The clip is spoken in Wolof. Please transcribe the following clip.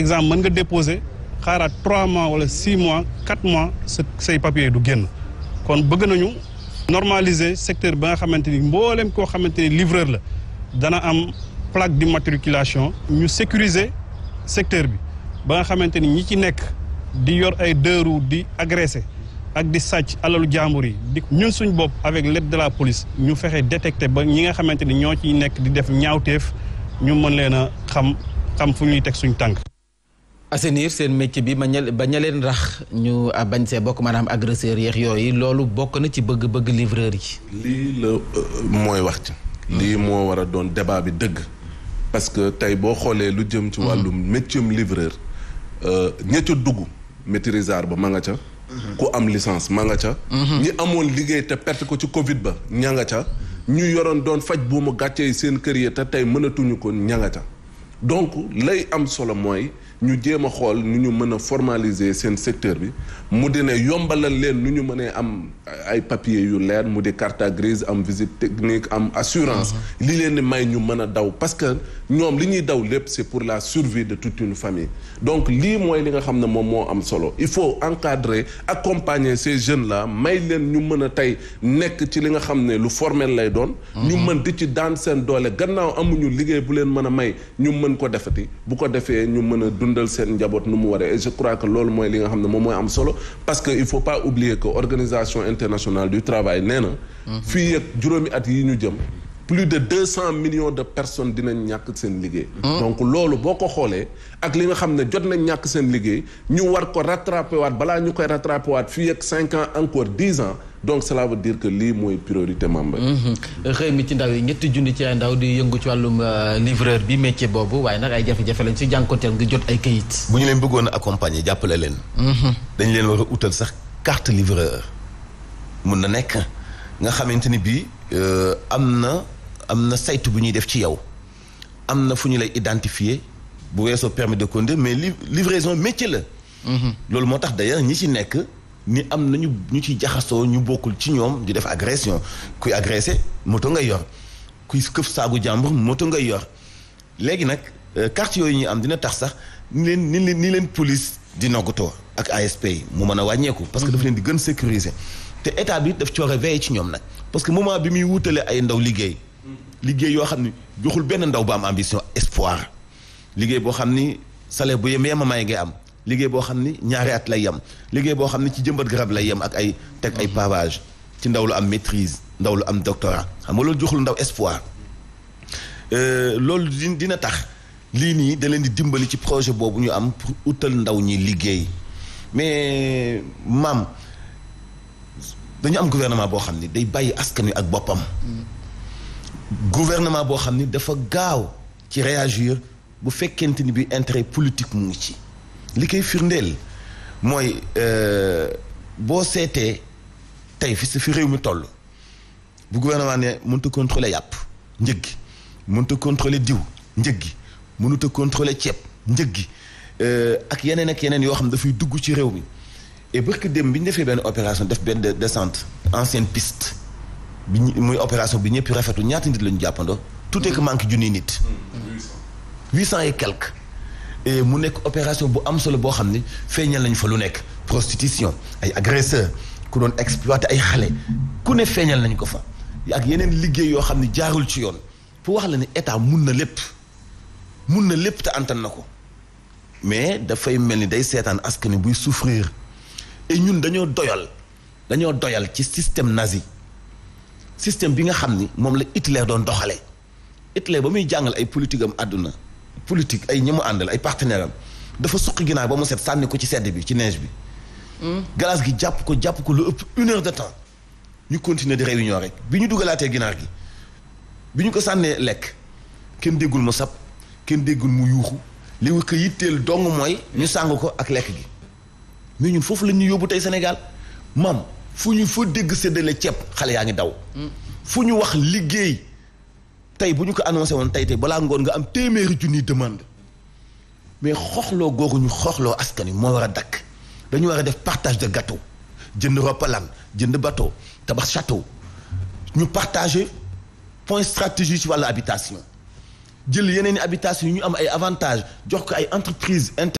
exemple mën nga déposé xaaraat trois mois wala six mois quatre mois sa say du génn kon bëgg nañu normaliser secteur ba nga xamante ni mboolem koo xamante ni livreur la dana am plaque d'immatriculation ñu sécuriser secteur bi ba nga xamante ni ñi ci nekk di yor ay deux roues di agressé ak di sàcc alalu jàmbur yi di ñun suñ bopp avec l'aide de la police ñu fexe détecté ba ñi nga xamante ni ñoo ciy nekk di def ñaawteef ñu mën leen a xam xam fu ñuy teg suñ tànk assainir seen métier bi ma ña ba ña leen rax ñu ah, bañ see bokk maanaam agresseur yeex yooyu loolu bokk na ci bëgg-bëgg livreur yi. lii la euh, mooy wax ca lii moo war a doon débat bi dëgg. parce que tey boo xoolee lu jëm ci mhm. wàllum métier livreur euh, ña ca dugg maîtrisard ba ma nga ca. Mhm. ku am licence ma nga ca. Mhm. ñi amoon liggéey te perte ko ci Covid ba ña nga ca. ñu yoroon doon faj bu mu gàccee seen kër yi te tey mënatuñu ko ña nga ca donc lay am solo mooy. ñu jéem a xool nu ñu mën a formaliser seen secteur bi mu di ne yombalal leen nu ñu mënee am ay papier yu leer mu di carte grise am visite technique am assurance mhm. li leen di may ñu mën a daw parce que ñoom li ñuy daw lépp c'est pour la survie de toute une famille donc lii mooy li nga xam ne moom moo am solo il faut encadrer accompagner ces jeunes la may leen ñu mën a tey nekk ci li nga xam ne lu formel lay doon mhm. ñu mën di ci daan seen doole gannaaw amuñu liggéey bu leen mën a may ñu mën ko defati dundal seen njaboot nu mu waree je crois que loolu mooy li nga xam ne moom mooy am solo parce que il faut pas oublier que organisation internationale du travail nee na mhm. fii juróomi at yi ñu jëm plus de deux cent millions de personnes dinañ ñàkk seen liggéey. Mhm. donc loolu boo ko xoolee ak li nga xam ne jot nañ ñàkk seen liggéey ñu war ko rattrapé waat balaa ñu koy rattrapé waat fii ak cinq ans encore dix ans. donc cela veut dire que lii mooy priorité membre mhm. xëy mi ci ndaw yi ñetti junni ci ay ndaw di yëngu ci wàllum euh, livreur bi métier boobu waaye nag ay jafe-jafe lañ si jànkonteel nga jot ay kayit ñu leen bëggoon jàppale leen mhm. dañ leen war a sax carte livreur mun na nekk nga xamante ni bii euh, am na am na saytu bu ñuy def ci yow am na fu ñu lay identifier bu weesoo permis de conduire mais livraison métier la mhm. loolu moo tax d'ailleurs ñi ci nekk ni am na ñu ñu ci jaxasoo ñu bokkul ci ñoom di def agression kuy agressé moto nga yor kuy këf saagu jàmbur moto ngay yor léegi nag euh, carte yooyu ñu am dina tax sax ni leen ni leen ni leen police di noggutoo ak ASP yi mu mën a wàññeeku. parce que dafa mhm. leen di gën sécuriser. te état bi daf coore veillé ci ñoom nag parce que moment bi muy wutale ay ndaw liggéey. Mhm. liggéey yoo xam ni joxul benn ndaw bu am ambition espoir liggéey boo xam ni salaire bu yem yemamaay ngay am. liggéey boo xam ni ñaari at lay yem liggéey boo xam ni ci jëmbat garab lay yem ak ay teg ay pavage ci ndaw lu am maîtrise ndaw lu am doctorat xam nga loolu joxul ndaw espoir euh, loolu dina tax lii nii da leen di dimbali ci projet boobu ñu am pour utal ndaw ñi liggéey mais maam dañu am gouvernement boo xam ni day bàyyi askan wi ak boppam gouvernement boo xam ni dafa gaaw ci réagir bu fekkente ni bi intérêt politique mu ngi ci li koy firndeel mooy euh, boo seetee tey fi si fi réew mi toll bu gouvernement ne mënut a contrôler yàpp njëg gi mënut a contrôler diw njëg gi mënut a contrôler ceeb njëg gi euh, ak yeneen ak yeneen yoo xam dafay dugg ci réew mi et barke dem bi ñu defee benn opération def benn descente ancienne piste bi muy opération bi ñëpp rafetlu ñaata nit lañu jàppandoo. tout est que manque junniy nit. 800 mmh. et quelque. mu nekk opération bu am solo boo xam ni feeñal nañ fa lu nekk prostitution ay agresseur ku doon exploité ay xale ku ne feeñal nañ ko fa ak yeneen liggéey yoo xam ne jaarul ci yoon pour wax la ne état mun na lépp mun na lépp te antan na ko mais dafay mel ni day seetaan askan buy souffrir et ñun dañoo doyal dañoo doyal ci système nazi système bi nga xam ni moom la Hitler doon doxale Hitler ba muy jàngal ay politique am àdduna politique ay ñi mu àndal ay partenaire am dafa suqi ginaar ba mu set sànni ko ci sedd bi ci neige bi. Hmm. galaas gi jàpp ko jàpp ko lu ëpp une de temps ñu continuer di réunion rek bi ñu dugalaatee ginaar gi bi ñu ko sànnee lekk kenn déggul mu sab kenn déggul mu yuuxu li ko yitteel dong mooy ñu sàng ko ak lekk gi mais foofu la ñuy yóbbu tey Sénégal maam fu ñu foo dégg séddale ceeb xale yaa ngi daw. Hmm. fu ñu wax liggéey. tey bu ñu ko annoncé woon tey tey balaa ngoon nga am téeméeri junniy demande mais xooxloo googu ñu xooxloo askan moo war a dakk dañu war a def partage de gâteau jënd roppalaan jënd bateau tabax château ñu partager point stratégie ci wàllu habitation jël yeneen i habitation yi ñu am ay avantages jox ko ay entreprises